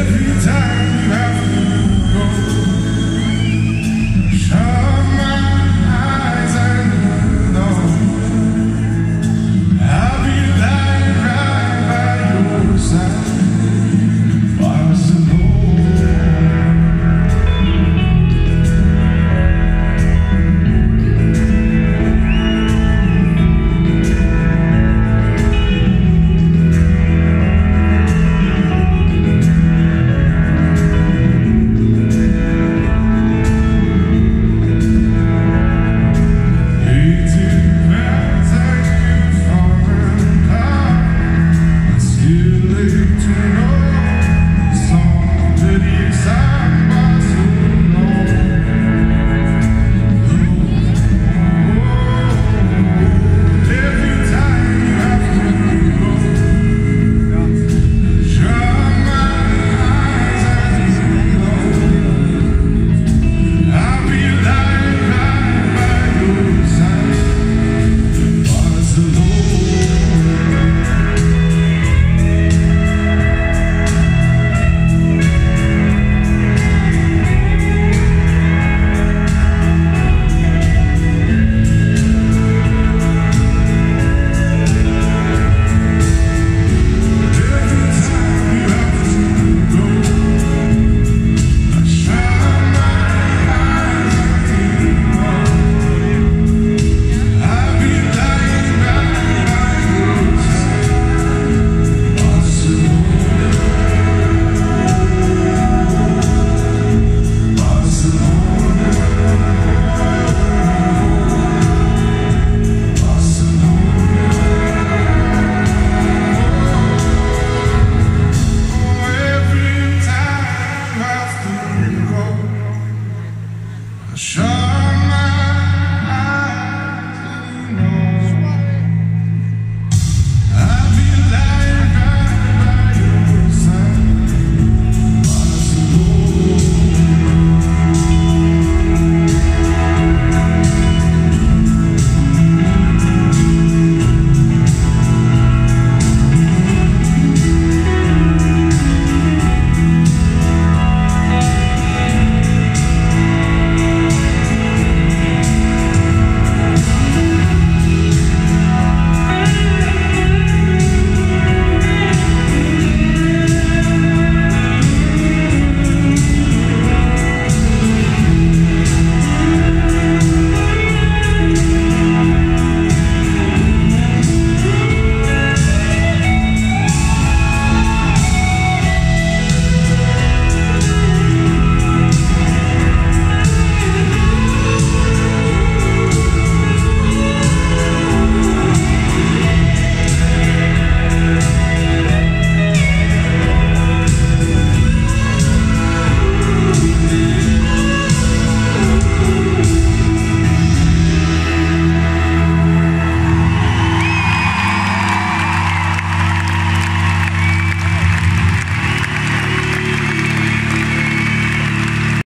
every time you have